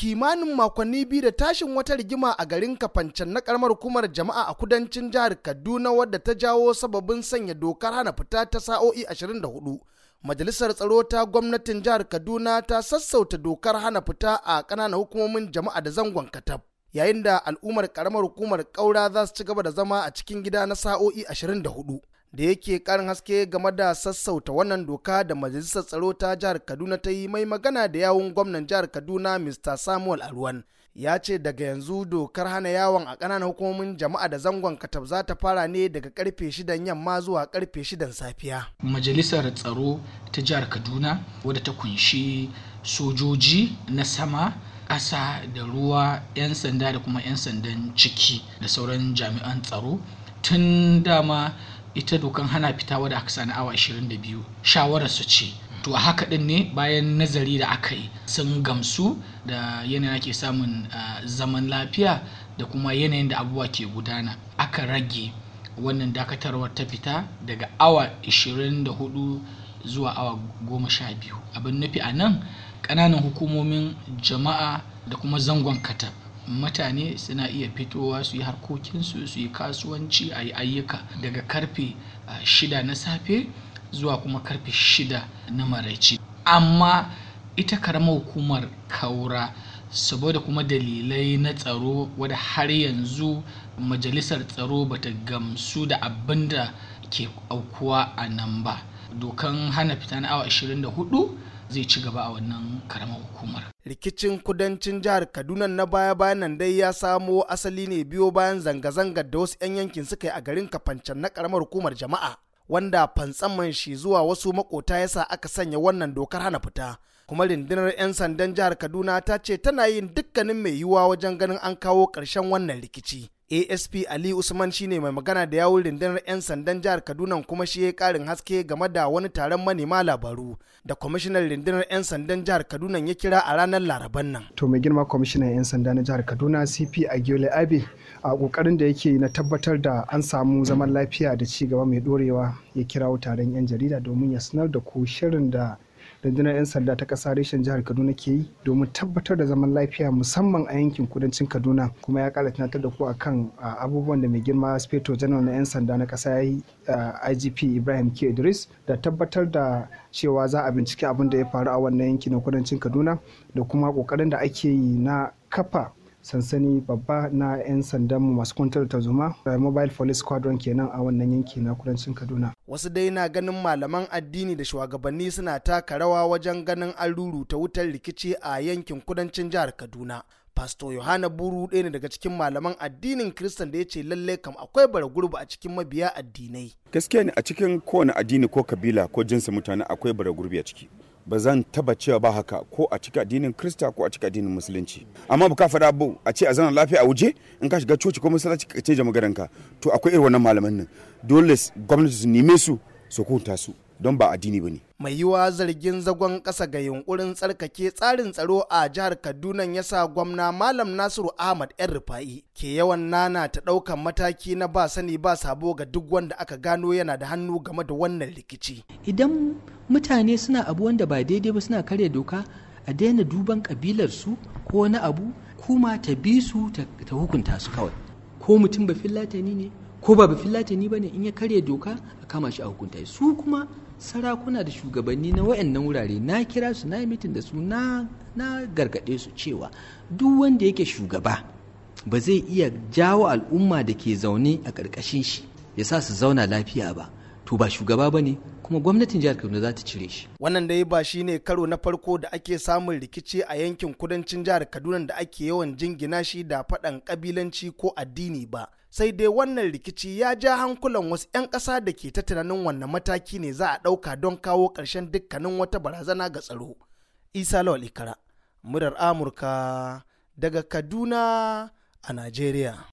kimanin makonni biyu da tashin wata rigima a garin kafancan na karamar hukumar jama'a a kudancin jihar kaduna wadda ta jawo sababin sanya dokar hana fita ta sa'o'i 24 majalisar tsaro ta gwamnatin jihar kaduna ta sassauta dokar hana fita a ƙananan hukumomin jama'a da zangon katab yayin da al'ummar karamar hukumar kaura za su ci gaba da zama a cikin gida na sa'o'i 24 da yake karin haske game da sassauta wannan doka da majalisar tsaro ta jihar kaduna ta yi mai magana da yawun gwamnan jihar kaduna mr samuel alwan ya ce daga yanzu dokar hana yawon a ƙananan hukumomin jama'a da zangon katab za ta fara ne daga karfe shidan yamma zuwa karfe shidan safiya majalisar tsaro ta jihar kaduna wadda ta kunshi sojoji na sama ƙasa da ruwa 'yan sanda da kuma 'yan sandan ciki da sauran jami'an tsaro tun dama ita dokan hana fita wadda aka sani awa 22 shawararsu ce to a haka din ne bayan nazari da aka yi sun gamsu da yanayin ake samun ah, zaman lafiya da kuma yanayin da abubuwa ke gudana aka rage wannan dakatarwar ta fita daga awa 24 zuwa awa 12 abin nufi a nan ƙananan hukumomin jama'a da kuma zangon katab mutane suna iya fitowa su yi harkokinsu su yi kasuwanci a yi ayyuka daga karfe shida na safe zuwa kuma karfe shida na maraici amma ita karamar hukumar kaura saboda kuma dalilai na tsaro wadda har yanzu majalisar tsaro bata gamsu da abinda ke aukuwa a nan ba dokan hana fita na awa 24 zai ci gaba a wannan karamar hukumar. Rikicin kudancin jihar Kaduna na baya-bayan nan dai ya samo asali ne biyo bayan zanga-zangar da wasu 'yan yankin suka yi a garin Kafancan na karamar hukumar jama'a. Wanda fantsamman shi zuwa wasu makota sa aka sanya wannan dokar hana fita. Kuma rundunar 'yan sandan jihar Kaduna ta ce tana yin dukkanin mai yiwuwa wajen ganin an kawo ƙarshen wannan rikici. asp ali usman shine mai magana da yawun rundunar 'yan sandan jihar kaduna kuma shi ya karin haske game da wani taron manema labaru da kwamishinan rundunar 'yan sandan jihar kaduna ya kira a ranar laraban nan to mai girma kwamishinan 'yan sanda na jihar kaduna cp agiole abe a kokarin da yake na tabbatar da an samu zaman lafiya da ci gaba mai dorewa ya kirawo taron 'yan jarida domin ya sanar da ku shirin da rundunar 'yan sanda ta ƙasa reshen jihar kaduna ke yi domin tabbatar da zaman lafiya musamman a yankin kudancin kaduna kuma ya ƙara tunatar da ku akan abubuwan da mai girma speto janar na 'yan sanda na ƙasa ya yi igp ibrahim k idris da tabbatar da cewa za a bincike abin da ya faru a wannan yanki na kudancin kaduna da kuma ƙoƙarin da ake yi na kafa sansani babba na 'yan sandan masu kwantar ta zuma eh, mobile police squadron kenan a wannan yanki na kudancin kaduna wasu dai na ganin malaman addini da shugabanni suna taka rawa wajen ganin an ta wutar rikici a yankin kudancin jihar kaduna Pasto Yohana Buru ɗaya ne daga cikin malaman addinin Kiristan da ya ce lallai kam akwai bara gurbi a cikin mabiya addinai. Gaskiya ne a cikin kowane addini ko kabila ko jinsin mutane akwai bara gurbi a ciki. ba zan taba cewa ba haka ko a cika addinin krista ko a cika addinin musulunci amma ba ka faɗa abu a ce a zana lafiya a wuje in ka shiga coci ko masallaci ka canja to akwai irin wannan malaman nan dole gwamnati su neme su su kunta su don ba addini ba ne. Mai yiwa zargin zagon ƙasa ga yunkurin tsarkake tsarin tsaro a jihar Kaduna ya sa gwamna Malam Nasiru Ahmad ‘yan rufa'i ke yawan nana ta ɗaukan mataki na ba sani ba sabo ga duk wanda aka gano yana da hannu game da wannan rikici. Idan mutane suna abu wanda ba daidai ba suna karya doka a daina duban ƙabilarsu ko wani abu kuma ta bi su ta hukunta su kawai. Ko mutum ba fillatani ne ko ba filatani ba ne in ya karya doka a kama shi a hukunta su kuma sarakuna da shugabanni na wayannan wurare na kira su na yi mitin da su na gargaɗe su cewa duk wanda yake shugaba ba zai iya jawo al'umma da ke zaune a ƙarƙashin shi ya sa su zauna lafiya ba to ba shugaba ba ne kuma gwamnatin jihar kaduna za ta cire shi wannan dai ba shi ne karo na farko da ake samun rikici a yankin kudancin jihar kaduna da ake yawan jingina shi da faɗan ƙabilanci ko addini ba sai dai wannan rikici ya ja hankulan wasu 'yan ƙasa da ke ta tunanin wannan mataki ne za a ɗauka don kawo ƙarshen dukkanin wata barazana ga tsaro isa lawal ikara murar amurka daga kaduna a najeriya